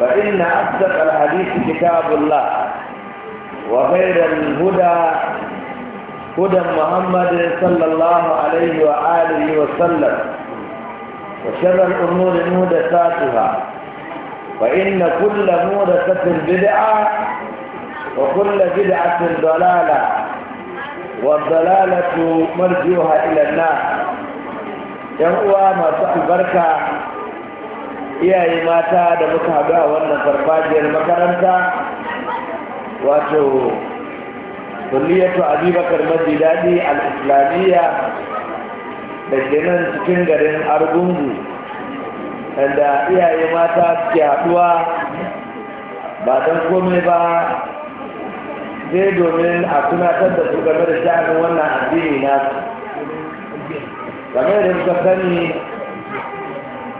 فإن أصدق الحديث كتاب الله وخير الهدى هدى محمد صلى الله عليه وآله وسلم وشر الأمور مودساتها فإن كل مودسة بدعة وكل بدعة ضلالة والضلالة مرجوها إلى النار أخوة ما البركة iyaye mata da muka haɗu a wannan farfajiyar makaranta wato kulliyatu abubakar mafi daɗi al'islamiyya da ke nan cikin garin argungu da iyaye mata suke haɗuwa ba don komai ba zai domin a tunatar da su game da sha'anin wannan addini nasu game da suka sani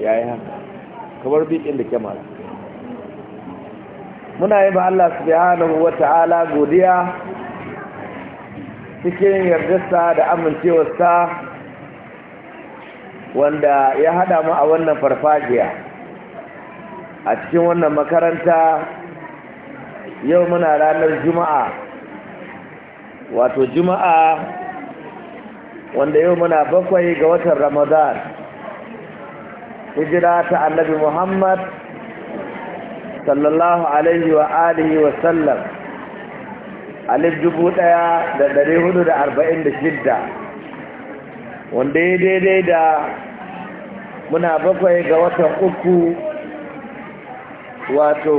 ya yi haka kamar bikin da kyamara muna yi ba Allah su subhanahu wa ta'ala godiya cikin yardarsa da amincewarsa wanda ya hada mu a wannan farfajiya a cikin wannan makaranta yau muna ranar juma'a wato juma'a wanda yau muna bakwai ga watan ramadan hijira ta annabi muhammad sallallahu alaihi wa alihi wa sallam alif dubu ɗaya da dari hudu da arba'in da shidda wanda ya daidai da muna bakwai ga watan uku wato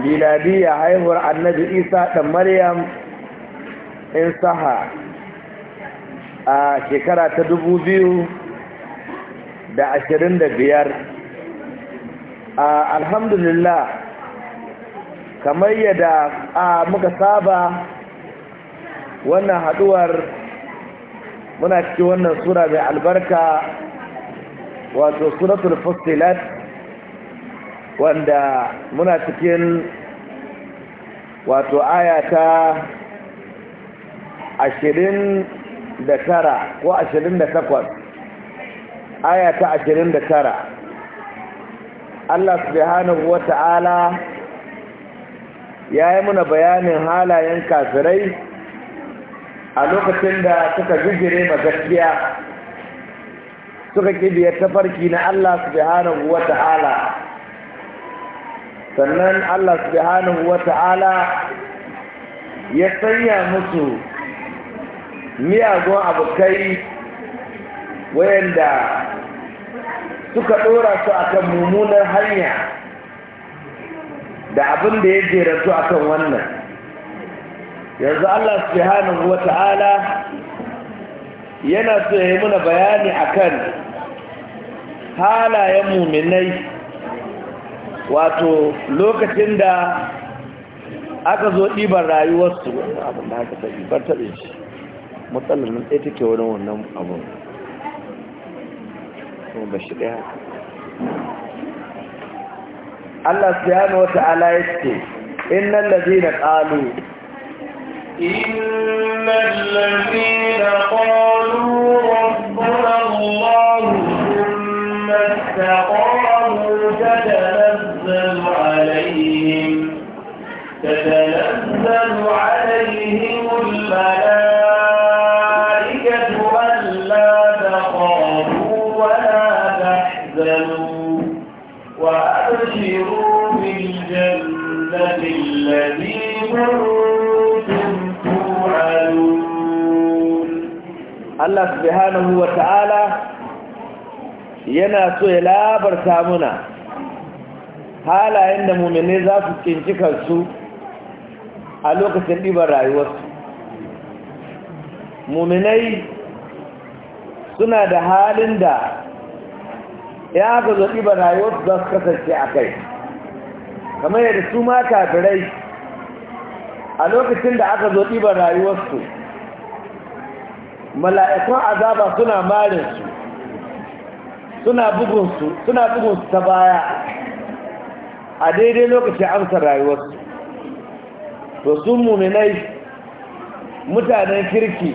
miladiya haihuwar annabi isa ɗan maryam in saha a shekara ta dubu biyu da ashirin da biyar a alhamdulillah kamar yadda a muka saba wannan haduwar muna cikin wannan sura mai albarka wato suratul fustilat wanda muna cikin wato aya ashirin da tara ko ashirin da takwas aya ta ashirin da tara Allah subhanahu wa ta'ala ya yi muna bayanin halayen kafirai a lokacin da suka jigire magaskiya suka kibiyar tafarki na Allah subhanahu wa ta'ala sannan Allah subhanahu wa ta'ala ya sanya musu miyagun abokai wayanda suka ɗora su akan mummunar hanya da abin da ya jera su akan wannan yanzu Allah subhanahu wata'ala yana so ya yi muna bayani akan halayen muminai wato lokacin da aka zo ɗiban rayuwarsu Wani abin da aka taɓi bar taɓe shi matsalar ɗaya take wani wannan abin ومشي لها الله سبحانه وتعالى يكتب إن الذين قالوا إن الذين قالوا ربنا الله ثم استقاموا تتنزل عليهم تتنزل عليهم الملائكة Allah subhanahu wa ta’ala yana so ya labarta muna halayen da mummune za su cinci kansu a lokacin ɗiban rayuwarsu muminai suna da halin da ya aka zo ɗiban rayuwarsu za su kasance a kai kamar yadda su ma birai a lokacin da aka zo ɗiban rayuwarsu mala'ikun azaba suna marinsu suna bugunsu suna bugunsu ta baya a daidai lokacin amsa rayuwarsu to sun muminai mutanen kirki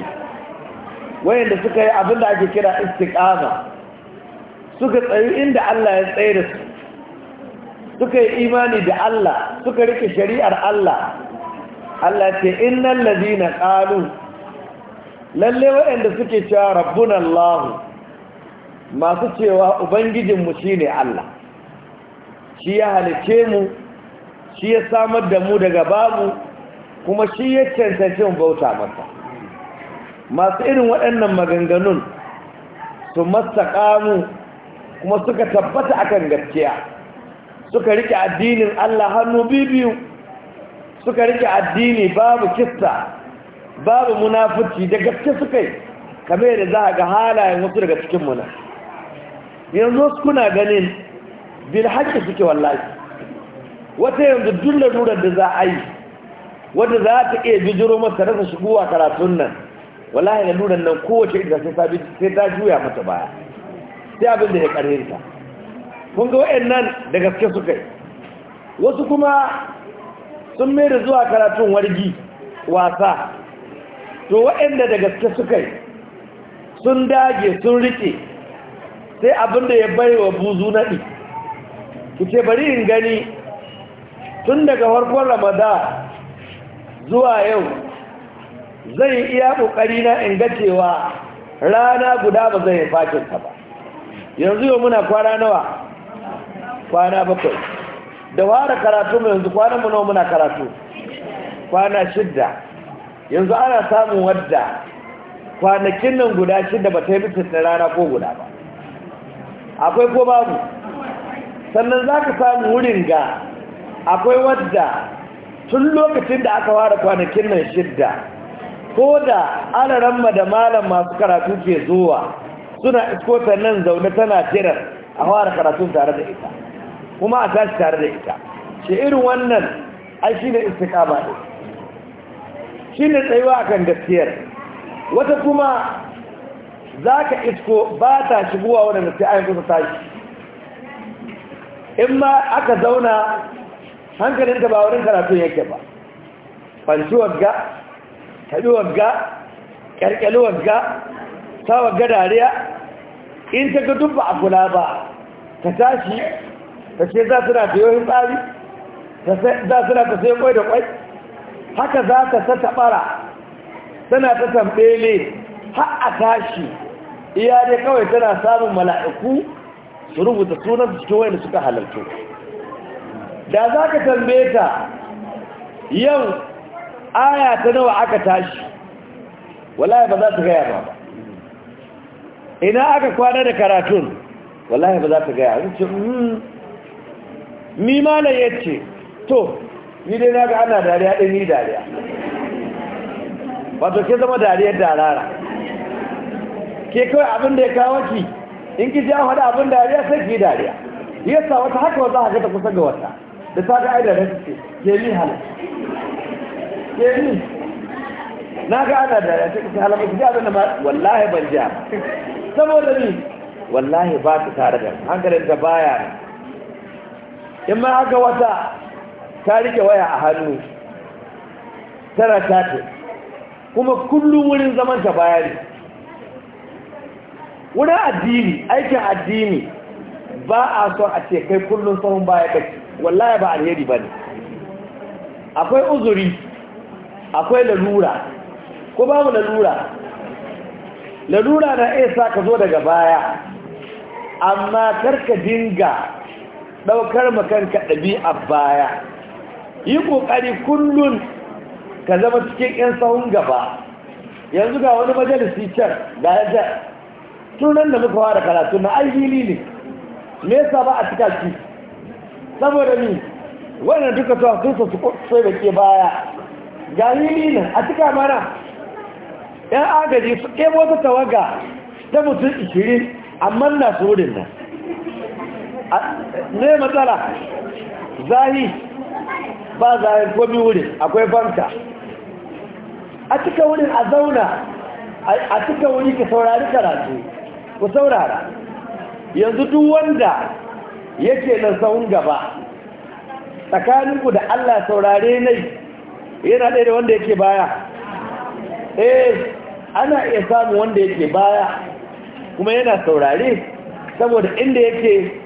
wayanda suka yi abin da ake kira istiqama suka tsayu inda Allah ya tsaye da su suka yi imani da Allah suka rike shari'ar Allah Allah ce innal ladina qalu lalle waɗanda suke cewa rabbuna Allah masu cewa ubangijin mu shine Allah shi ya halice mu shi ya samar da mu daga babu kuma shi ya cancanci bauta masa masu irin waɗannan maganganun su mastaƙamu kuma suka tabbata akan gaskiya suka rike addinin Allah hannu bibiyu suka rike addini babu kista babu munafuci da gaske suka yi kamar da za a ga halayen wasu daga cikin muna yanzu wasu kuna ganin bil haƙƙi suke wallahi wata yanzu duk nurar da za a yi wadda za ta iya bijiro masa rasa shigowa karatun nan wallahi nurar nan kowace inda sai ta juya mata baya sai abin da ya ƙarhinta kun ga wa'annan da gaske suka yi wasu kuma sun mere zuwa karatun wargi wasa to waɗanda da gaske suka yi sun dage sun rike sai abinda ya bai wa buzu naɗi ce bari in gani tun daga farkon ramada zuwa yau zai iya ƙoƙari na ingacewa rana guda ba zai fakinta ba yanzu yau muna kwana nawa kwana bakwai da ware karatu mu yanzu kwanan mu nawa muna karatu kwana shidda yanzu ana samun wadda kwanakin nan guda shidda ba ta yi da rana ko guda ba akwai ko babu sannan za ka samu wurin ga akwai wadda tun lokacin da aka ware kwanakin nan shidda ko da ramma da malam masu karatu ke zuwa suna iskotar nan zaune tana jiran a ware karatun tare da ita kuma a tashi tare da ita shi irin wannan ai shi ne istiqama ɗin shi ne tsayuwa akan gaskiyar wata kuma za ka isko ba ta shigowa wadanda sai an tashi in ma aka zauna hankalinta ba wurin karatun yake ba fanci wagga taɓi wagga ƙarƙali wagga sa wagga dariya in ta ga ba a kula ba ta tashi ta ce za su na yohin tsari za su ta sai kwai da kwai haka za ka ta taɓara tana ta tambele har a tashi iya dai kawai tana samun mala'iku su rubuta sunan su cikin wani suka halartu da za ka tambe ta yau aya ta nawa aka tashi wallahi ba za ta gaya ba ina aka kwana da karatun wallahi ba za ta gaya mimana ya ce to ni dai na ga ana dariya ɗin ni dariya wato ke zama dariyar darara ke kawai abin da ya kawo ki in ki ji an abin dariya sai ki dariya yasa wata haka wata haka ta kusa ga wata da ta ga aida da ce ke ni hala ke ni na ga ana dariya sai ki hala ba ki ji abin da ma wallahi ban ji saboda ni wallahi ba ta tare da hankalin ta baya in ma haka wata ta rike waya a hannu tana tafi kuma kullum wurin zaman ta bayani wurin addini aikin addini ba a son a ce kai kullum sahun baya kai wallahi ba alheri ba ne akwai uzuri akwai lalura ko babu lalura lalura na iya sa ka zo daga baya amma karka dinga ɗaukar makanka ɗabi'a baya yi ƙoƙari kullum ka zama cikin 'yan sahun gaba yanzu ga wani majalisi can da ya jar tunan da muka fara karatu na aihili ne me yasa ba a cika shi saboda ni wannan duka tuwa sun su sai da ke baya ga hili ne a cika mana yan agaji su ɗebo ta tawaga ta mutum 20 amma na su wurin nan ne matsala zahi ba zahin gomi wurin akwai fanka. a cika wurin a zauna a cika wuri ka saurari karatu ku saurara yanzu duk wanda yake na saun gaba tsakaninku da Allah saurare nai yana ɗaya da wanda yake baya eh ana iya samun wanda yake baya kuma yana saurare saboda inda yake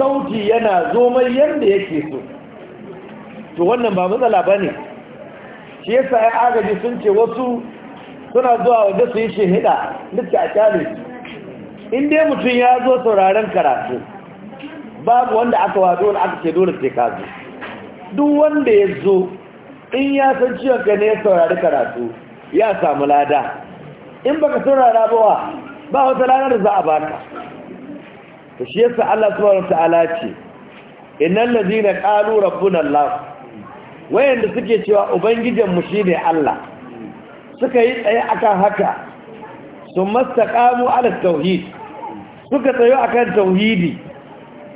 sauti yana zo mai yadda yake so to wannan ba matsala ba ne shi yasa ya agaji sun ce wasu suna zuwa wadda su yi shahida duk a kyale in dai mutum ya zo sauraren karatu babu wanda aka wado wani aka ce dole sai ka zo duk wanda ya zo in ya san ciwon ka ne ya saurari karatu ya samu lada in baka saurara ba wa, ba wata lada da za a baka to shi yasa Allah subhanahu wataala ce innal ladina qalu rabbuna Allah wayanda suke cewa ubangijin mu shine Allah suka yi tsaye akan haka sun mastaqamu ala tauhid suka tsayo akan tauhidi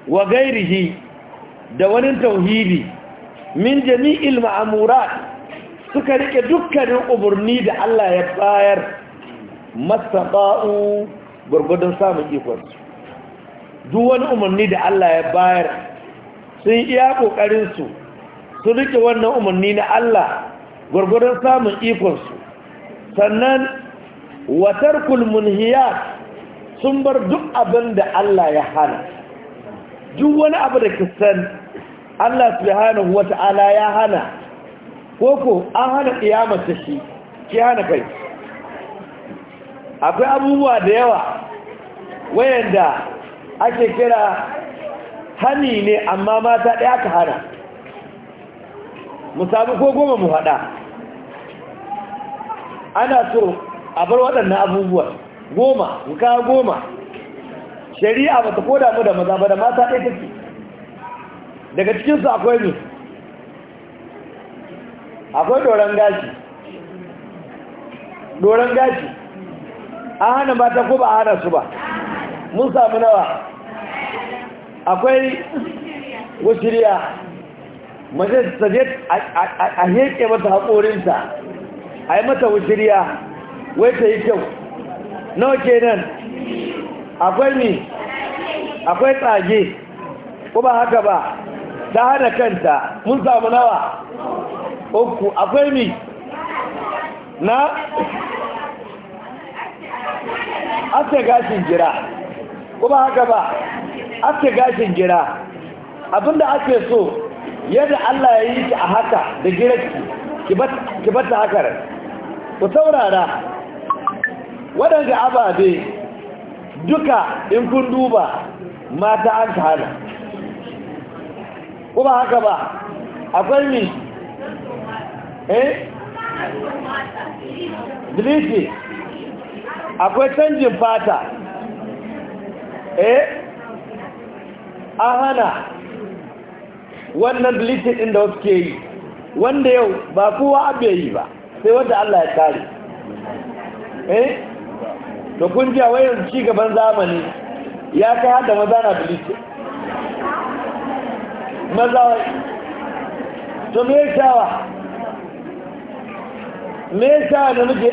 wa gairihi da wani tauhidi min jami'il ma'amurat suka rike dukkanin umurni da Allah ya bayar mastaqa'u gurgudun samun ikonsu duk wani umarni da Allah ya bayar sun iya ƙoƙarinsu su rike wannan umarni na Allah gwargwadon samun ikonsu sannan watar kulmun hiya sun bar duk abin da Allah ya hana duk wani abu da kisan Allah subhanahu wata'ala ya hana ko ko an hana kiyamar ta shi ki hana kai akwai abubuwa da yawa wayanda ake kira hani ne amma mata ɗaya ka hana mu sami ko goma mu haɗa ana so a bar waɗannan abubuwan goma wuka goma shari'a ba ta koda mu da maza ba da mata ɗaya take daga cikinsu akwai ne akwai doron gashi doron gashi an hana mata ko ba a hana su ba mun samu nawa akwai wushiriya mace ta je a heke mata haƙorinta a yi mata wushiriya wai ta yi kyau nawa nan? akwai ni akwai tsage ko ba haka ba ta hana kanta mun samu nawa uku akwai ni na ake gashin jira kuma haka ba aske gashin gira abinda ake so yadda Allah ya yi ki a haka da girarki ki bata haka ku saurara waɗanda ababe duka in kun duba mata an hana kuma haka ba akwai ni eh dilisi akwai canjin fata eh an hana wannan bleaching ɗin da wasu ke yi wanda yau ba kowa abu yi ba sai wanda Allah ya kare eh wai kungiya wayar gaban zamani ya kai hada maza na bleaching maza wai to me yawa me yawa da muke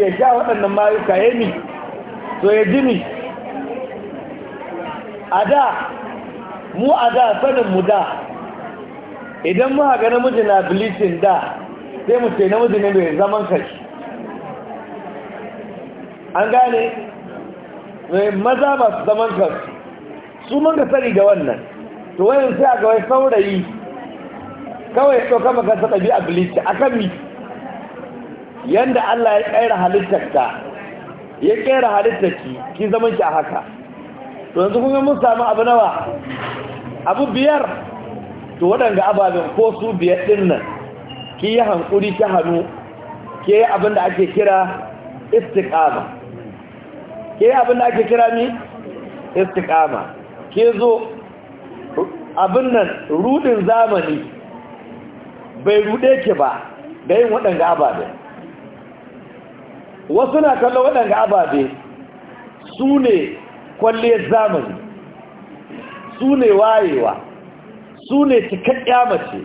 ya sha waɗannan mayuka ya mi to ya jini a da mu a da sanin mu da idan muka na namiji na bleaching da sai mu ce namiji ne mai zaman kashi an gane mai maza masu zaman kashi su manga ka sani da wannan to wayan sai a ga wai saurayi kawai ya ɗauka maka sa ɗabi a bleaching a kan mi yadda Allah ya ƙaira halittarta ya ƙera halittarki ki zaman ki a haka to yanzu kun ga mun samu abu nawa abu biyar to waɗanda ababen ko su biyar ɗin nan ki yi hankuri ta hannu ke yi abin da ake kira istiƙama ke yi abin da ake kira ni istiƙama ke zo abin nan rudin zamani bai rude ki ba da yin waɗanda ababe wasu na kallon waɗanda ababe su ne kwalliyar zamani su ne wayewa su ne cikakkiya mace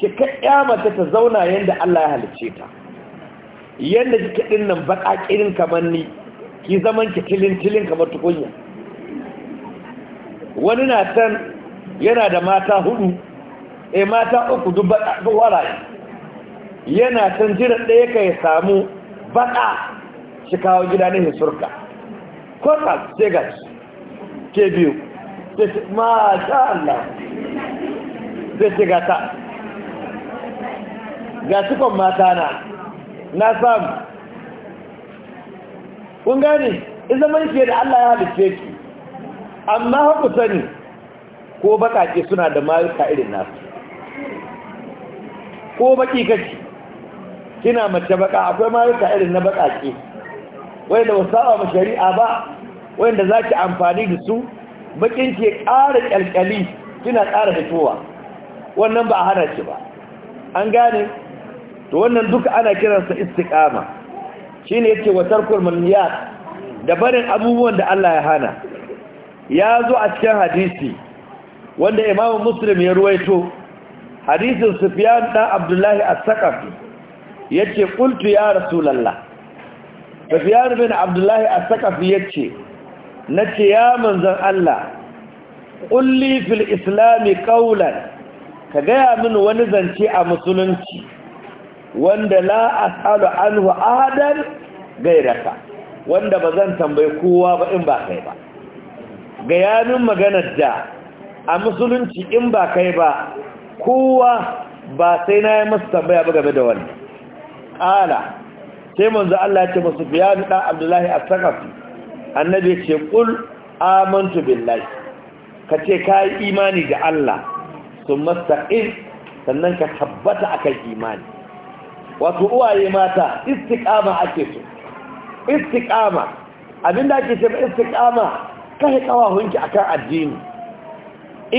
cikakkiya mace ta zauna yadda Allah ya halice ta yadda kike din nan baka kirin kamar ni ki zaman ki tilin tilin kamar tukunya wani na san yana da mata hudu eh mata uku duk baka duk waraye yana san jiran ɗaya ka ya samu baka shi kawo gida ne surka kwatsam sai ke biyu masha Allah zai ce gata ga cikon mata na na samu kun gani in zama ke da Allah ya halice ki amma haku sani ko bakake suna da mayuka irin nasu ko baki kake kina mace baka akwai mayuka irin na bakake wanda ba sa ma shari'a ba wanda za ki amfani da su bakin ke ƙara ƙyalƙyali kina ƙara fitowa wannan ba a hana ki ba an gane to wannan duka ana kiransa istiqama shine yake wa tarkul da barin abubuwan da Allah ya hana ya zo a cikin hadisi wanda imamu muslim ya ruwaito hadisin sufyan da abdullahi as ya yace qultu ya rasulullah sufyan bin abdullahi ya ce, na ce ya manzon Allah ƙulli fil islami ƙaular ka gaya min wani zance a musulunci wanda la an anhu ahadan gairaka wanda ba zan tambayi kowa ba in ba kai ba gaya min maganar da a musulunci in ba kai ba kowa ba sai na yi masu tambaya ba game da wannan ƙala sai manzo Allah ya ce musu biyani dan Abdullahi as sakafi annabi ya ce qul amantu billahi kace kai imani ga Allah summa taqim sannan ka tabbata akan imani wato uwaye mata istiqama ake so istiqama abinda ake cewa istiqama kai kawahunki akan addini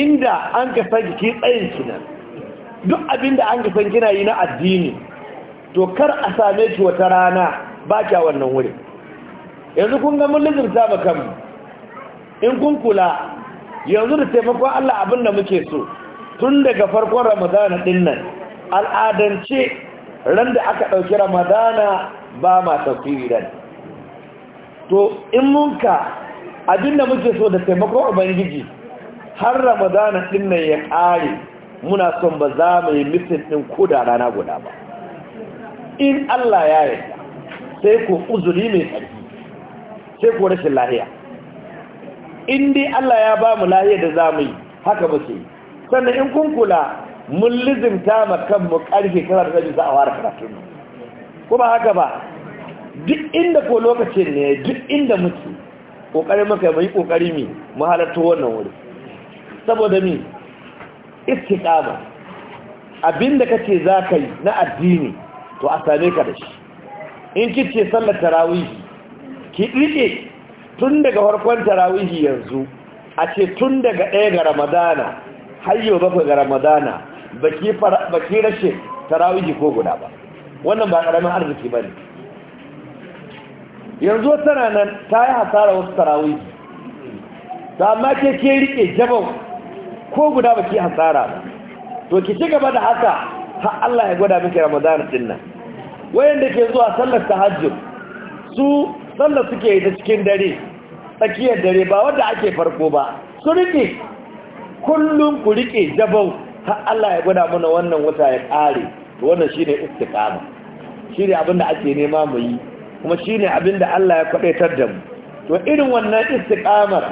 inda an ka san ki tsayin kina duk abinda an ka san kina yi na addini to kar a same shi wata rana ba kya wannan wurin yanzu kun ga mun lizurta ba kan in kun kula yanzu da taimakon Allah abin da muke so tun daga farkon ramadana din nan al'adance ran da aka ɗauki ramadana ba ma tafiri to in munka abin da muke so da taimakon ubangiji har ramadana din nan ya ƙare muna son ba za mu yi mitin ɗin ko da rana guda ba in Allah ya yarda sai ku uzuri mai tsarki sai ku rashin lahiya in dai Allah ya ba mu lahiya da za mu yi haka su yi sannan in kun kula mun lizinta ma kanmu ƙarfe tara da zai za a fara karatu kuma haka ba duk inda ko lokacin ne duk inda muke ƙoƙarin muka mai ƙoƙari mi mu halarta wannan wuri saboda mi ba abinda kace za ka yi na addini to a same ka da shi in kice sallar tarawihi ki dike tun daga farkon tarawihi yanzu a ce tun daga ɗaya ga ramadana har yau bakwai ga ramadana baki rashe tarawihi ko guda ba wannan ba ƙaramin arziki ba ne yanzu tana nan ta yi hasara wasu tarawihi ta amma ke ke riƙe jabon ko guda baki hasara ba to ki ci gaba da haka har Allah ya gwada miki ramadana din nan wayanda ke zuwa sallar tahajjud su sallar suke yi ta cikin dare tsakiyar dare ba wanda ake farko ba su rike kullum ku rike jabau har Allah ya gwada mana wannan wata ya kare wannan shine istiqama shine abin da ake nema mu yi kuma shine abin da Allah ya kwadaitar da mu to irin wannan istiqamar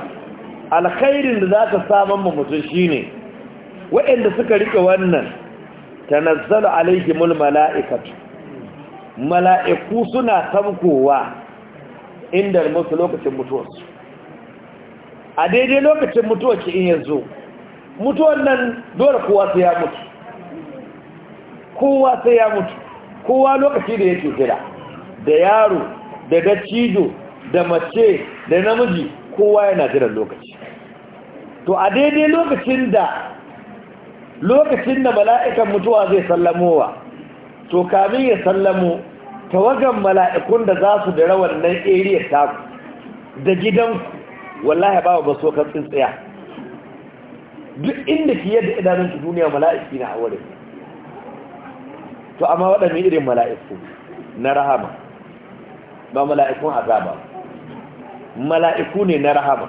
alkhairin da za ta samar mu mutum shine wa'anda suka rike wannan tanazzalu alaihimul mala'ikatu mala'iku suna sabkowa inda musu lokacin mutuwarsu a daidai lokacin mutuwar ki in yanzu mutuwan nan dole kowa sai ya mutu kowa sai ya mutu kowa lokaci da yake jira da yaro da gacido, da mace da namiji kowa yana jiran lokaci to a daidai lokacin da lokacin da mala'ikan mutuwa zai sallamowa to kamin ya sallamo tawagan mala'ikun da za su dira wannan area taku da gidanku wallahi ba ba sokan kan tsintsiya duk inda ki yadda idanunki duniya mala'iki na aure to amma waɗannan irin mala'iku na rahama ba mala'ikun azaba mala'iku ne na rahama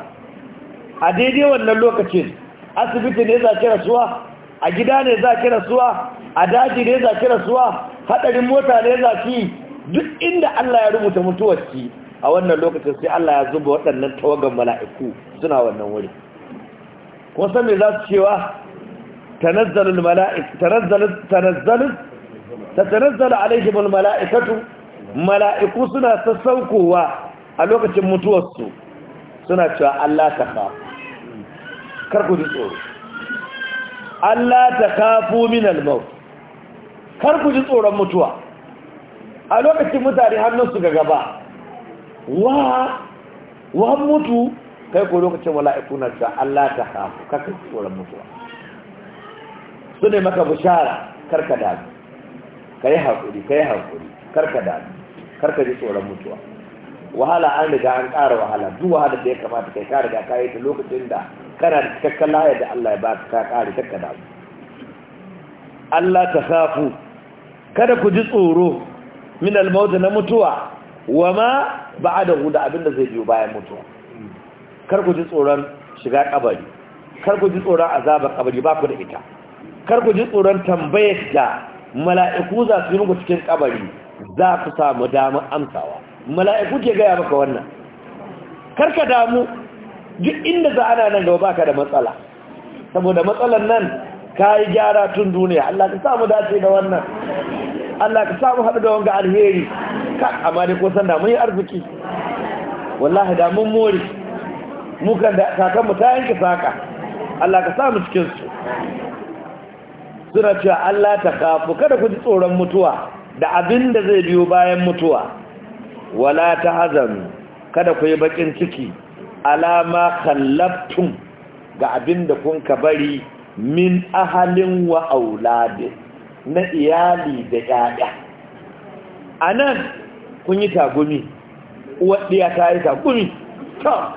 a daidai wannan lokacin asibiti ne za kira rasuwa a gida ne za ki rasuwa a daji ne za ki rasuwa hadarin mota ne za ki duk inda Allah ya rubuta mutuwarki a wannan lokacin sai Allah ya zuba waɗannan tawagan mala'iku suna wannan wuri ko san me za su cewa tanazzalul mala'ik tanazzalul tanazzal tatanazzalu mala'ikatu mala'iku suna sassaukowa a lokacin mutuwarsu suna cewa Allah ta kar ku ji tsoro Allah ta kafu min al-maut kar ku ji tsoron mutuwa a lokacin mutane hannunsu ga gaba wa wa mutu kai ko lokacin mala'iku na ta Allah ta kafu kar ku ji tsoron mutuwa su ne maka bishara kar ka dami kai hakuri kai hakuri kar ka dami kar ka ji tsoron mutuwa wahala an riga an ƙara wahala duk wahala da ya kamata kai ka riga ka yi ta lokacin da kana da cikakken layar da Allah ya ba ka kare kakka da Allah ta safu kada ku ji tsoro min almauta na mutuwa wa ma ba'adahu da abin da zai biyo bayan mutuwa kar ku ji tsoron shiga kabari kar ku ji tsoron azaba kabari ba ku da ita kar ku ji tsoron tambayar da mala'iku za su yi muku cikin kabari za ku samu damar amsawa mala'iku ke gaya maka wannan kar ka damu duk inda za ana nan gaba baka da matsala saboda matsalan nan ka yi gyara tun duniya Allah ka samu dace da wannan Allah ka samu haɗu da wanga alheri ka amma dai kusan da mun yi arziki wallahi da mun mu kan da mu ta yanke saka Allah ka samu cikin su suna cewa Allah ta kafu kada ku ji tsoron mutuwa da abin da zai biyo bayan mutuwa wala ta hazan kada ku yi bakin ciki alama kallabtum ga abin da kun ka bari min ahalin wa aulade na iyali da yaya anan kun yi tagumi uwar ɗiya ta yi tagumi ta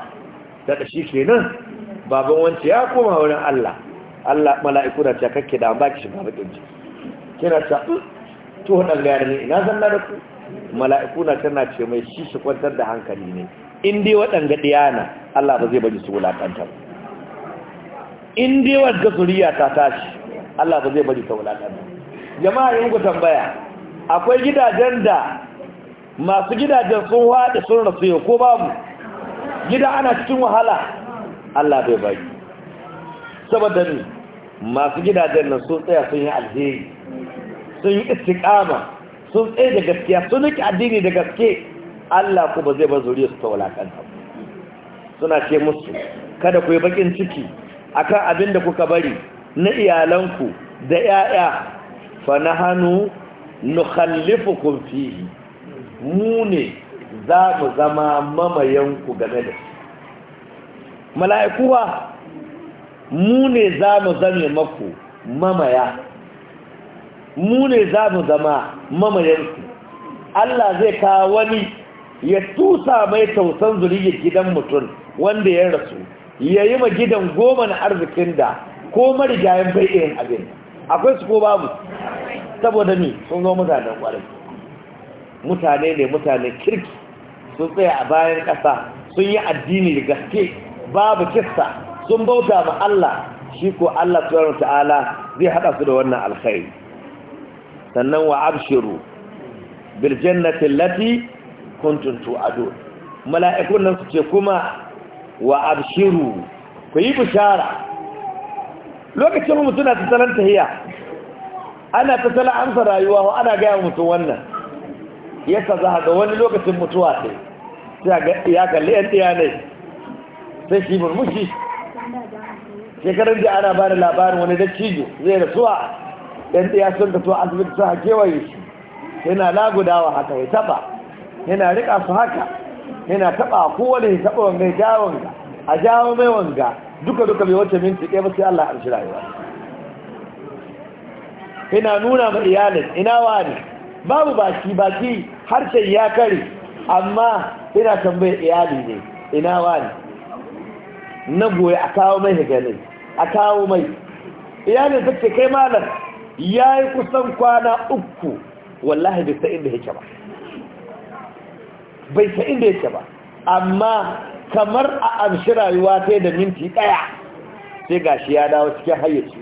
daga shi kenan baban wance ya koma wurin Allah Allah mala'iku da ta kakke da ba ki shiga ɗin ce. kina ta hmm, to wadan gari ne ina na da ku mala'iku na tana ce mai shi shi kwantar da hankali ne in dai waɗanda ɗiyana Allah ba zai bari su wulaƙantar in dai wadda zuriya ta tashi Allah ba zai bari ta wulaƙantar jama'a yin ku tambaya akwai gidajen da masu gidajen sun haɗe sun rasu yau ko babu gida ana cikin wahala Allah bai baji saboda ni masu gidajen nan sun tsaya sun yi alheri sun yi istiƙama sun tsaye da gaskiya sun rike addini da gaske Allah ku ba zai ba zuriya su ta walakanta suna ce musu kada ku yi bakin ciki akan abin da kuka bari na iyalanku da 'ya'ya fa nahanu nukhallifukum fihi mu ne za mu zama mamayenku game da shi mala'iku mu ne za mu zame maku mamaya mu ne za mu zama mamayensu Allah zai kawo wani ya tusa mai tausan zuriyar gidan mutum wanda ya rasu ya yi ma gidan goma na arzikin da ko marigayen bai abin akwai su ko babu saboda ni sun zo mutanen kwarai mutane ne mutane kirki sun tsaya a bayan ƙasa sun yi addini da gaske babu kista sun bauta ma Allah shi ko Allah subhanahu ta'ala zai haɗa su da wannan alkhairi sannan wa abshiru bil jannati allati kuntum tu'adu mala'ikun nan su ce kuma wa abshiru ku yi bishara lokacin suna na salan tahiya ana an amsa rayuwa ana gaya mutum wannan yasa za ga wani lokacin mutuwa sai ya kalli yan ɗiya ne sai shi murmushi shekarun da ana ba labarin wani dattijo zai rasuwa ɗan ɗaya sun ka to asibiti sun ha kewaye shi yana lagudawa haka ya taɓa yana riƙa su haka yana taɓa kowane ya taɓa wanga ya jawo wanga a jawo mai wanga duka duka bai wace minti ɗaya ba sai Allah arshi rayuwa ina nuna ma iyalin ina wani babu baki baki harshen ya kare amma ina tambayar iyali ne ina wani na goyi a kawo mai higalin a kawo mai iyalin ta ce kai malam ya yi kusan kwana uku wallahi bai sa inda yake ba bai sa inda yake ba amma kamar a amshi rayuwa ta da minti ɗaya sai gashi ya dawo cikin hayyaci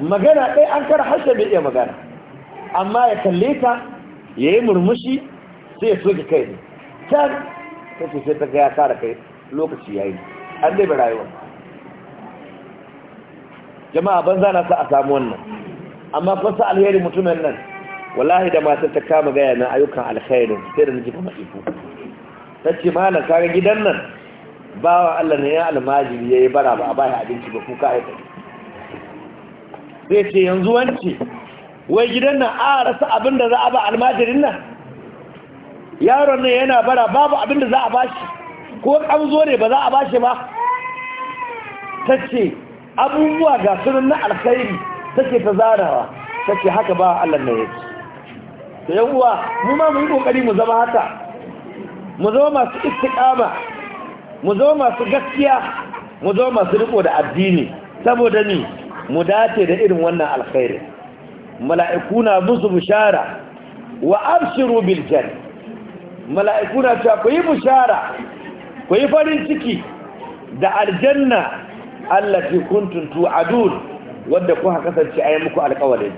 magana ɗaya an kar harshe mai iya magana amma ya kalle ta, ya yi murmushi sai ya soke kai ne can ta ce sai ta ga ya kara kai lokaci ya yi an dai rayuwa jama'a banza na sa a samu wannan amma sa alheri mutumin nan wallahi da matar ta kama gaya na ayyukan alkhairin sai da nake kuma iko tace malam kaga gidan nan wa Allah ne ya almajiri yayi bara ba ba ya abinci ba kuka ai sai ce yanzu wance wai gidan nan a rasa abin da za a ba almajirin nan yaron ne yana bara babu abin da za a bashi ko an zo ne ba za a bashi ba ce. abubuwa ga sunan na alkhairi take ta zanawa take haka ba Allah ne yake to yan uwa mu ma mu yi kokari mu zama haka mu zama masu istiqama mu zama masu gaskiya mu zama masu riko da addini saboda ni mu dace da irin wannan alkhairi mala'iku na musu bishara wa abshiru bil jann mala'iku na cewa ku yi bishara ku farin ciki da aljanna allati kuntum tu'adun wanda kuka kasance ayi muku alƙawarin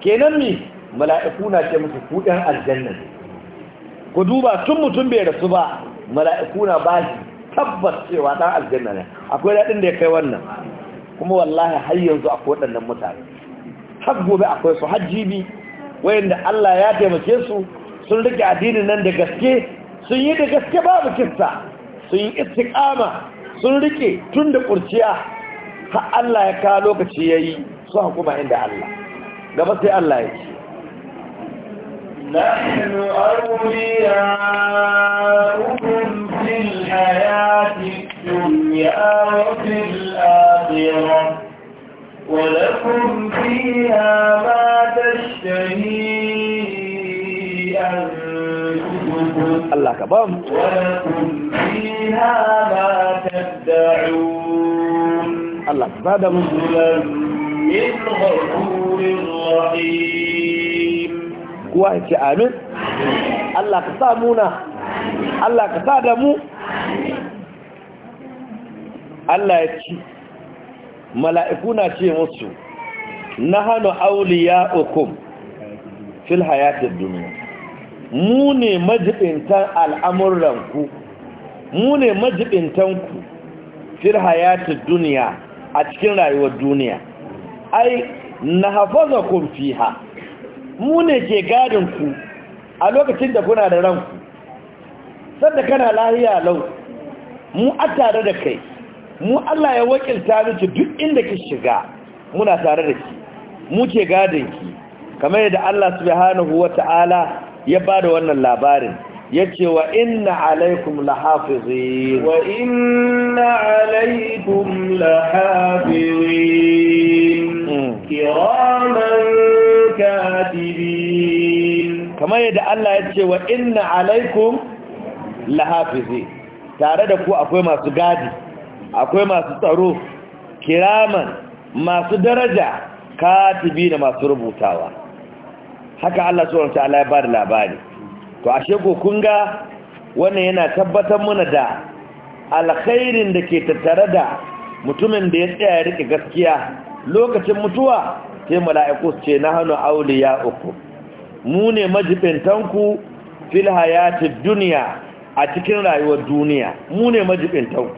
kenan ni mala'iku na ce musu ku dan aljanna ku duba tun mutum bai rasu ba mala'iku na ba shi tabbas cewa dan aljanna ne akwai dadin da ya kai wannan kuma wallahi har yanzu akwai waɗannan mutane har gobe akwai su hajjibi wayanda Allah ya taimake su sun rike addinin nan da gaske sun yi da gaske babu kissa sun yi istiqama sun rike tun da ƙurciya har Allah ya kawo lokaci ya yi su hukuma inda Allah gaba sai Allah ya ce نحن hayati, ولكم فيها ما تشتهين Allah ka ba mu Allah ka zada mu kuwa ya ce amin Allah ka sa muna Allah ka sa da mu Allah ya ci mala'iku na ce musu na hannu auliya ukum fil hayatin duniya mu ne majibintan al'amuranku mu ne majibintanku fir hayatun duniya a cikin rayuwar duniya ai na hafaza ha mu ne ke gadinku a lokacin da kuna da ranku sadda kana lahiya lau mu a tare da kai mu Allah ya wakilta miki duk inda ki shiga muna tare da ki mu ke gadinki kamar yadda Allah subhanahu Ta'ala. ya ba da wannan labarin ce wa inna alaikum lahafizin wa inna alaikum lahafizin hmm. kiraman katibin kamar yadda Allah ce wa inna alaikum lahafizin tare da ku akwai masu gadi akwai masu tsaro kiraman masu daraja katibi da masu rubutawa haka Allah subhanahu ta'ala ya ba labari to ashe ku kun ga wannan yana tabbatar mana da alkhairin da ke tattare da mutumin da ya tsaya ya rike gaskiya lokacin mutuwa sai mala'iku hannu ce nahnu uku mu ne majibintanku fil hayatid duniya a cikin rayuwar duniya mu ne majibintanku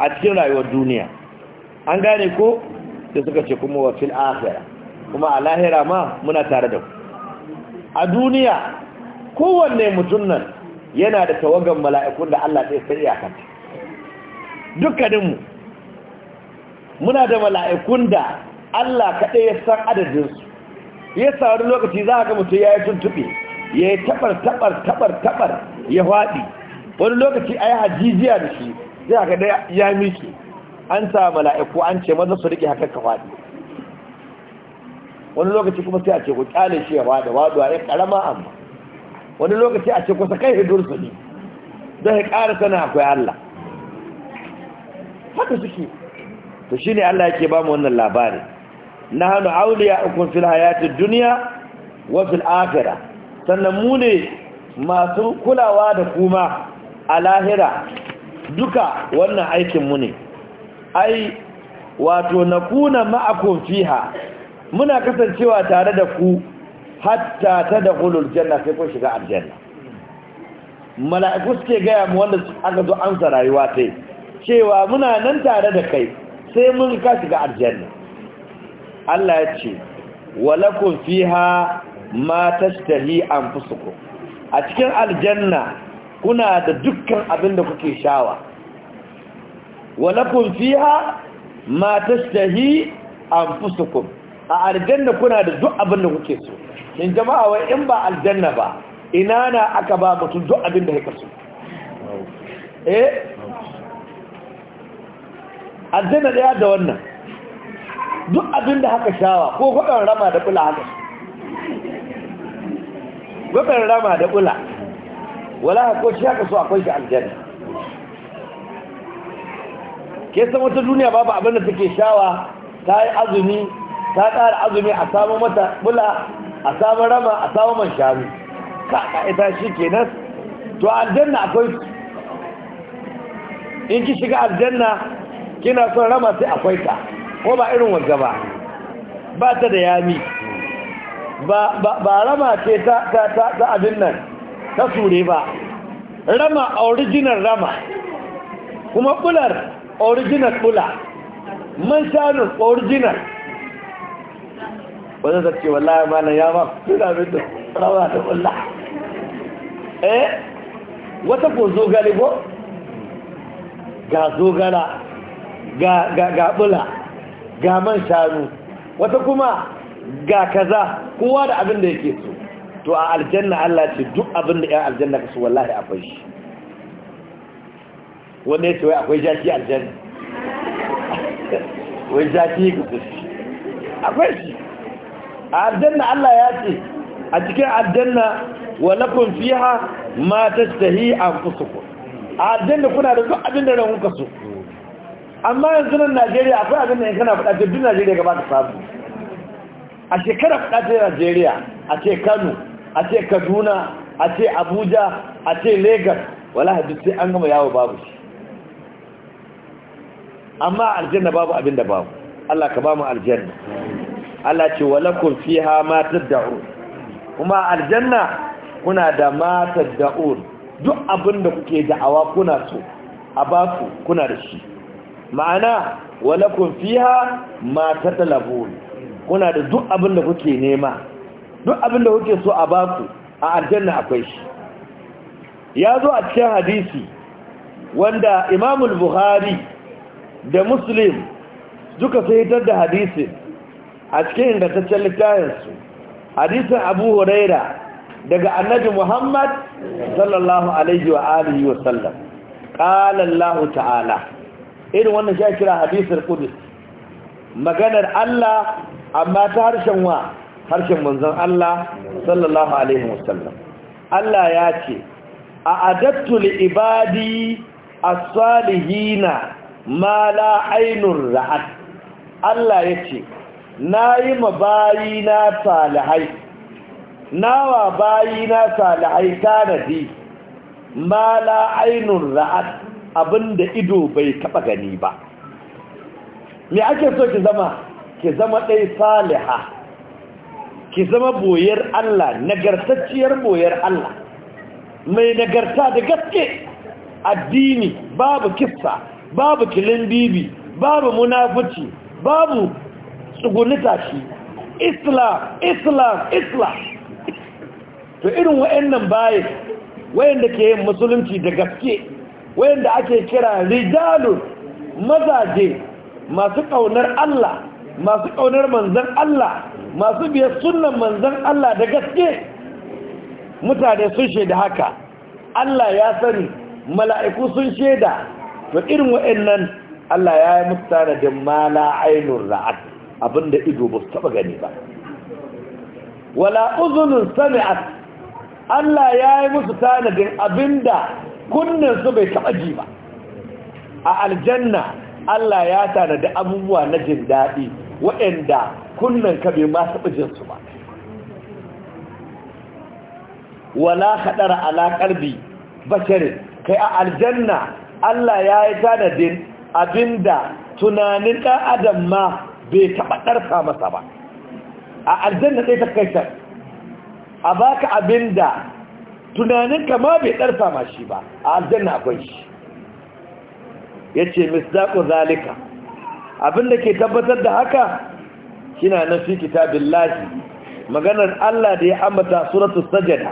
a cikin rayuwar duniya an gane ko sai suka ce kuma wa fil kuma a lahira ma muna tare da ku a duniya kowanne mutum nan yana da tawagan mala'ikun da Allah ɗaya sai iyakanta dukkaninmu muna da mala'ikun da Allah kaɗai ya san adadinsu ya wani lokaci za a ga mutum ya yi tuntuɓe ya yi taɓar taɓar taɓar taɓar ya faɗi wani lokaci a yi hajijiya da shi zai haka da ya miki an sa mala'iku an ce maza su riƙe haka ka faɗi wani lokaci kuma sai a ce ku kyale shi ya wada a yi karama amma wani lokaci a ce ku sakai hidursu ne don ya ƙara sana akwai Allah haka suke to shine Allah yake ba mu wannan labari auliya ukun fil hayatid duniya wa fil akhirah sannan mu ne masu kulawa da kuma a lahira duka wannan aikin mu ne ai wato na kuna ma'akum fiha muna kasancewa tare da ku hatta ta da hulul janna sai kun shiga aljanna mala'iku suke gaya mu wanda aka zo amsa rayuwa ta cewa muna nan tare da kai sai mun ka shiga aljanna Allah ya ce walakun fiha ma tashtahi anfusukum a cikin aljanna kuna da dukkan abin da kuke shawa walakun fiha ma tashtahi anfusukum a aljanna kuna da duk abin da kuke so in jama'a wai in ba aljanna ba ina na aka ba mutum duk abin da kuke so eh aljanna daya da wannan duk abin da haka shawa ko kwaɗon rama da kula haka kwaɗon rama da kula wala ko shi haka so akwai shi aljanna ke san wata duniya babu abin da take shawa ta yi azumi Ka ƙara azumi a samu mata bula a samu rama a samu man shanu ka ita shi kenan to aljanna akwai in ki shiga aljanna kina son rama sai akwai ta ko ba irin wanda ba ba ta da yami ba rama ce ta abin nan ta sure ba rama original rama kuma bular original bula man shanun original wanda zai ce wallahi malam ya ma suna min da rawa da wallah eh wata ko zogale ko ga zogala ga ga bula ga man shanu wata kuma ga kaza kowa da abin da yake so to a aljanna Allah ce duk abin da 'yan aljanna kasu wallahi akwai shi wanda ya ce wai akwai jaki aljanna wai jaki kasu akwai shi a aljanna Allah ya ce a cikin aljanna wa lakum fiha ma tastahi anfusukum a aljanna kuna da duk abin da ran kuka so amma yanzu nan Najeriya akwai abin da in kana fada duk Najeriya gaba da sabu a shekara fada ta Najeriya a ce Kano a ce Kaduna a ce Abuja a ce Lagos wallahi duk sai an gama yawo babu shi amma aljanna babu abin da babu Allah ka ba mu aljanna Allah ce lakum fiha ma tad'un kuma aljanna kuna da ma tad'un duk abin da kuke da'awa kuna so a ba ku kuna da shi ma'ana lakum fiha ma tatalabun kuna da duk abin da kuke nema duk abin da kuke so a ba ku a aljanna akwai shi ya zo a cikin hadisi wanda imamul bukhari da muslim duka sai da hadisin a cikin ingantaccen littafinsu hadisin abu huraira daga annabi muhammad sallallahu alaihi wa alihi wa sallam qala ta'ala irin wannan shi kira hadisul qudus maganar allah amma ta harshen wa harshen manzon allah sallallahu alaihi wa sallam allah ya ce a adattu li ibadi as-salihina ma la aynur ra'at allah ya ce. na yi ma bayina salihai nawa bayina salihai tanadi ma la ainun ra'ad abinda ido bai taba gani ba me ake so ki zama ki zama dai saliha ki zama boyar Allah nagartacciyar boyar Allah mai nagarta da gaske addini babu kissa babu kilin bibi babu munafuci babu tsugunita shi islam islam islam to irin wa'annan bayan wayanda ke yin musulunci da gaske wayanda ake kira rijalun mazaje masu ƙaunar Allah masu ƙaunar manzan Allah masu biyar sunan manzan Allah da gaske mutane sun shaida haka Allah ya sani mala'iku sun shaida to irin wayannan Allah ya yi mutane da mala ainihin ra'ad abinda ido ba su taba gani ba wala uzunin sami'at Allah ya yi musu tanadin abinda kunnen su bai taba ji ba a aljanna Allah ya tanadi abubuwa na jin daɗi waɗanda kunnen ka bai ma taba jin su ba wala haɗara alaƙar bi basharin kai a aljanna Allah ya yi tanadin abinda tunanin ɗan adam ma bai taɓa ɗarfa masa ba a aljanna ɗai ta kai a baka abin da tunaninka ma bai ɗarfa ma shi ba a aljanna akwai shi ya ce misdaƙo zalika abin da ke tabbatar da haka shi na fi kitabin lahi maganar Allah da ya ambata suratu sajada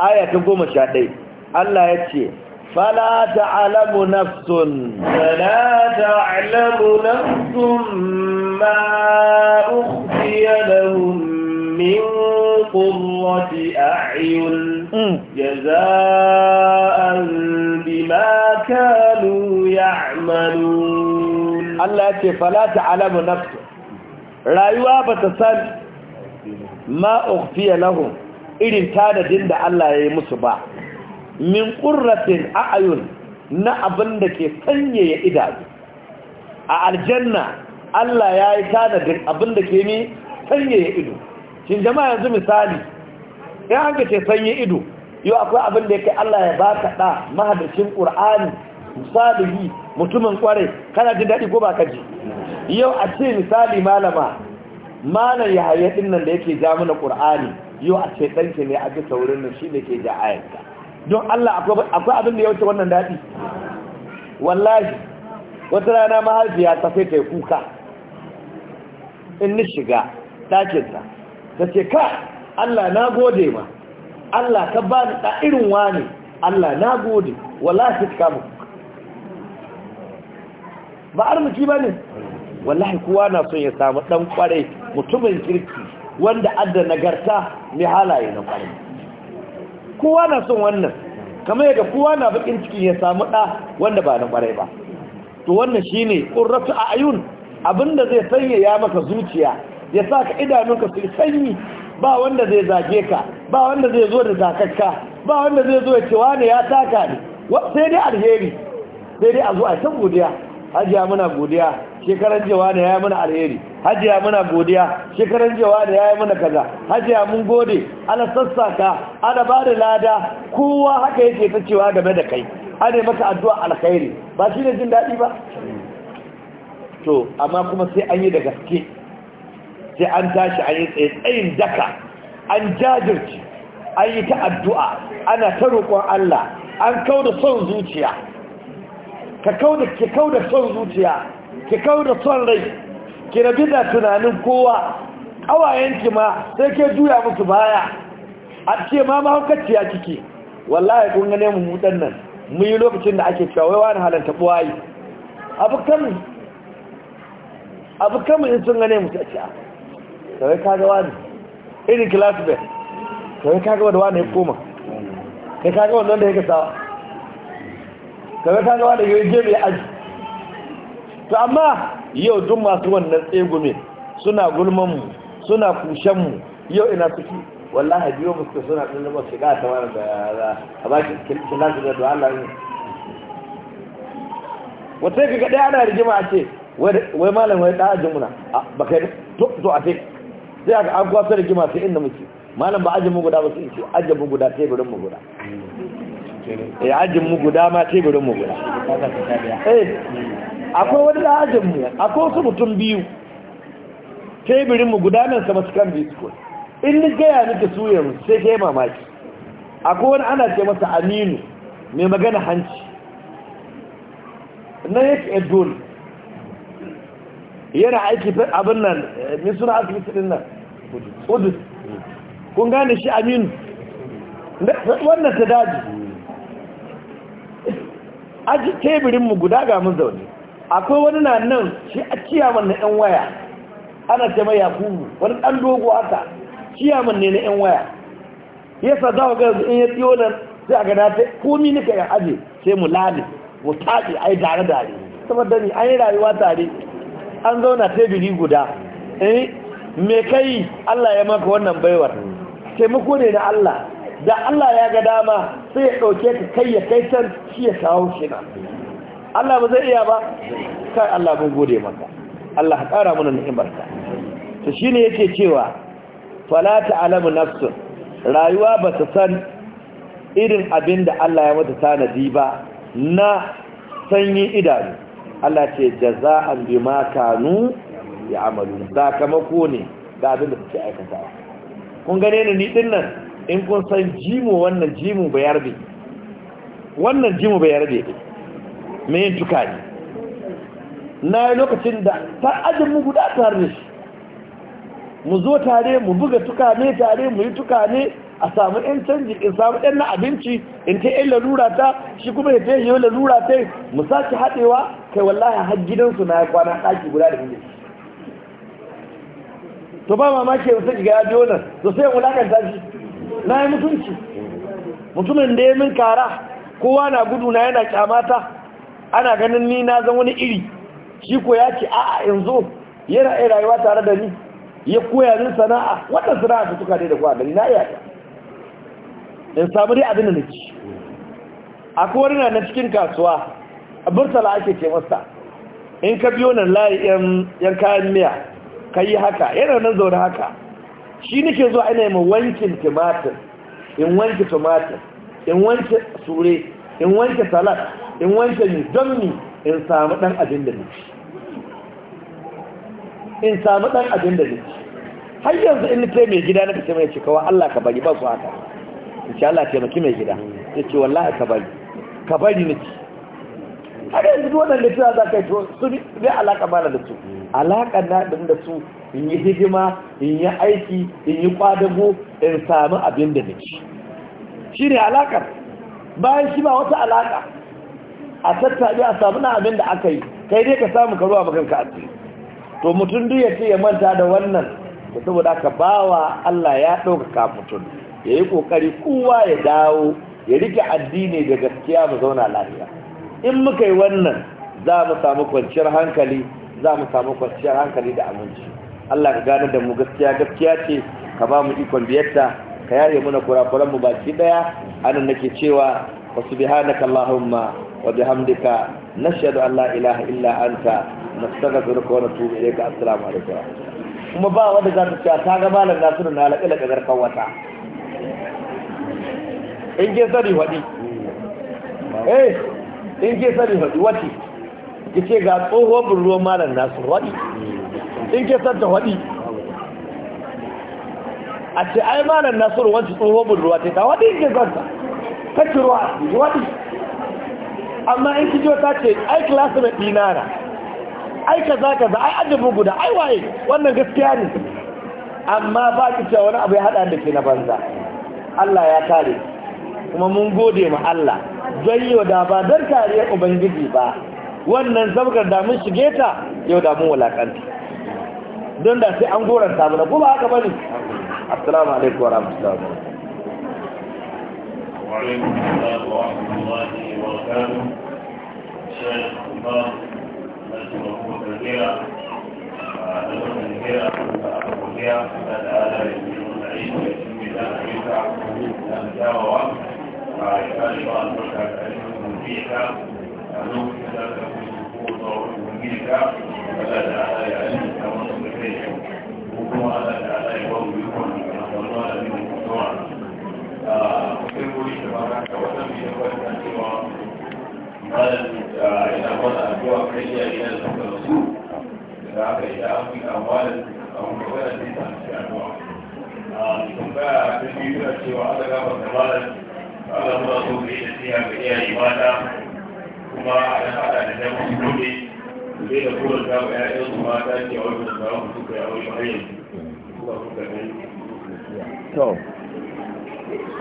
aya ta goma sha ɗai Allah ya ce فلا تعلم نفس فلا تعلم نفس ما أخفي لهم من قرة أعين جزاء بما كانوا يعملون الله يقول فلا تعلم نفسه rayuwa ba ta san ma'ufiya lahun irin tanadin da Allah ya yi musu ba min na abin da ke ya idanu a aljanna Allah ya yi tanadin abin da ke ne sanyaya ido shin jama'a yanzu misali ya hanga ce sanye ido yau akwai abin da ya kai Allah ya baka ɗa mahadashin ƙur'ani misali mutumin ƙware kana jin daɗi ko ba ka ji yau a ce misali malama malar ya haye ɗin nan da yake ja mana ƙur'ani yau a ce ɗanke ne a bisa saurin nan shi da ke ja ayanka don Allah akwai abin da ya wuce wannan daɗi wallahi wata rana mahaifiya ta sai ta yi kuka in ni shiga ɗakinsa da ce ka Allah na gode ma Allah ka ba ni ɗa irin wani Allah na gode wallahi ka mu ba armaki ba ne wallahi kowa na son ya samu ɗan ƙwarai mutumin kirki wanda adda nagarta mai halaye na ƙwarai kowa na son wannan kamar yadda kowa na bakin cikin ya samu ɗa wanda ba na ƙwarai ba to wannan shine ƙurratu a ayun abinda zai sanyaya maka zuciya ya sa ka idanunka su sanyi ba wanda zai zage ka ba wanda zai zo da zakakka ba wanda zai zo ya ce wane ya taka ne sai dai alheri sai dai a zuwa ta godiya hajiya muna godiya shekaran jewa ne ya yi mana alheri hajiya muna godiya shekaran jewa ne ya yi mana kaza hajiya mun gode ana sassaka ana ba da lada kowa haka yake ta cewa game da kai ana maka addu'a alkhairi ba shi ne jin daɗi ba to amma kuma sai an yi da gaske sai an tashi an yi tsayin daka an jajirci an yi ta addu'a ana ta roƙon Allah an kau da son zuciya ka kau da ki kau da son zuciya ki kau da son rai ki rabi da tunanin kowa ƙawayenki ma sai ke juya musu baya a ce ma mahaukaciya kike wallahi kun gane mu mutan nan mun yi lokacin da ake cewa wai wani halanta buwayi abu abu kama in sun gane mu ta ce kawai kaga wani irin class bell kawai kaga wanda wani ya koma kai kaga wanda wanda ya sawa kawai kaga wanda ya yi jebe ya aji to amma yau dun masu wannan tsegume suna gulman mu suna kushen mu yau ina suke wallahi biyo musu suna ɗin ba shiga ta wani da a ba ki class da Allah ne wata ka ga ɗaya ana rigima a ce wai malam wai ɗan ajin muna ba kai to a sai sai aka an sai da gima sai inda muke malam ba ajin mu guda ba sai ce ajin mu guda teburin mu guda eh ajin mu guda ma teburin mu guda eh akwai wani ɗan ajin mu akwai wasu mutum biyu teburin mu guda nan sama cikin biyu in ni gaya nake su yanzu sai kai mamaki akwai wani ana ce masa aminu mai magana hanci na yake edol yana aiki abin nan mai eh, suna asibiti su dinna udus kun gane shi aminu wannan ta daji aji teburinmu guda ga mun zaune akwai wani na nan shi a ciyaman na 'yan waya ana ce mai yakubu wani dan dogo haka ciyaman ne na 'yan waya yasa za ku ga in ya tsiyo nan sai a gada ta komi nika ya aje sai mu lade mu taɗe a yi dare-dare saboda ni an yi rayuwa tare an zauna tebiri guda eh me kai Allah ya maka wannan baiwar taimako ne na Allah da Allah ya ga dama sai ya ɗauke ka kai ya kai can shi ya kawo shi na Allah ba zai iya ba kai Allah mun gode maka Allah ƙara mana ka to shine yake cewa fala ta'lamu nafsun rayuwa ba ta san irin abin da Allah ya mata tanadi ba na sanyi idanu Allah ce jaza'an ma kanu ya'malun sakamako ne ga abin da suke aikata kun gane ni din nan in kun san jimu wannan jimu yarbe wannan jimu ne. me yin tuka ne na yi lokacin da ta ajin mu guda tare shi mu zo tare mu buga tuka ne tare mu yi tuka ne a samu yan canji in samu ɗan na abinci in ta yi lalura ta shi kuma ya ta yau lalura ta mu sake haɗewa kai wallahi har gidansu na ya kwana ɗaki guda da inda to ba mamaki yanzu ga ya biyo nan to sai wulakanta shi na yi mutunci mutumin da ya min kara kowa na gudu na yana kyamata ana ganin ni na zan wani iri shi ko ya ce a'a yanzu yana iya rayuwa tare da ni ya koya min sana'a wannan sana'a ta tuka dai da kwa gani na iya ta in samu dai abin da nake akwai wani na cikin kasuwa a burtala ake ce masa in ka biyo nan layi yan kayan miya ka yi haka yana nan zaune haka shi nake zuwa ina yi wankin tumatir in wanke tumatir in wanke sure in wanke salat in wanke mi don mi in samu dan abin da nake in samu dan abin da nake har yanzu in ta mai gida na ce mai cikawa Allah ka bari ba su haka insha Allah taimaki mai gida ya ce wallahi ka bari ka bari ni ci a da yanzu wannan da tura zakai to yi su bi alaƙa bana da su alaƙa na din da su in yi hidima in yi aiki in yi ƙwadago in samu abin da nake shi ne alaƙar bayan shi ba wata alaƙa a tattabi a samu na abin da aka yi kai dai ka samu ka ruwa makanka a ciki to mutum duk ya ce ya manta da wannan saboda ka bawa Allah ya ɗaukaka mutum ya yi kokari kowa ya dawo ya rike addini da gaskiya mu zauna lafiya in muka yi wannan za mu samu kwanciyar hankali za mu samu kwanciyar hankali da aminci Allah ka gane da mu gaskiya gaskiya ce ka ba mu ikon biyarta ka yaye muna kurakuran mu baki daya anan nake cewa wa subhanaka allahumma wa bihamdika nashhadu an la ilaha illa anta nastaghfiruka wa natubu ilayka assalamu alaikum kuma ba wanda za ta ce ta ga malam nasiru na laƙe laƙe wata in ke sani waɗi eh in ke sani waɗi waɗi ki ce ga tsohuwar ruwan malar nasu waɗi in ke santa waɗi a ce ai malar nasu wancan tsohuwar ruwa ce ta waɗi in ke santa kacin ruwa waɗi amma in ci jota ce ai klasa mai dinara ai kaza kaza ai adabin guda ai waye wannan gaskiya ne amma ba ki ce wani abu ya haɗa da ke na banza Allah ya kare kuma mun gode ma Allah don yau da ba don kariyar ubangiji ba wannan zabgar da mun shige ta yau da mun wulakanta don da sai an goron samu ko kuma haka bane assalamu alaikum wa rahmatullahi wa barakatuh da da da da وعائشة وأنك أنهم فيك أنهم لا تكون قوة منك فلا تعالى يعلمك وأنهم إليك وكما ألا تعالى يقوم بكم نسأل الله منه الدعاء أحب لي تبارك وتمشي وجهك سوى قالت إلى وضع الدعاء كي إلى الرسول ذاك إلى أمك أموالك أو مولد لتنسي الدعاء ثم بعد تجيب الشيء وعلى قبل Allah ba su ga siya mata kuma a nan haɗa da da ya'yan mata ke a wajen da mu suka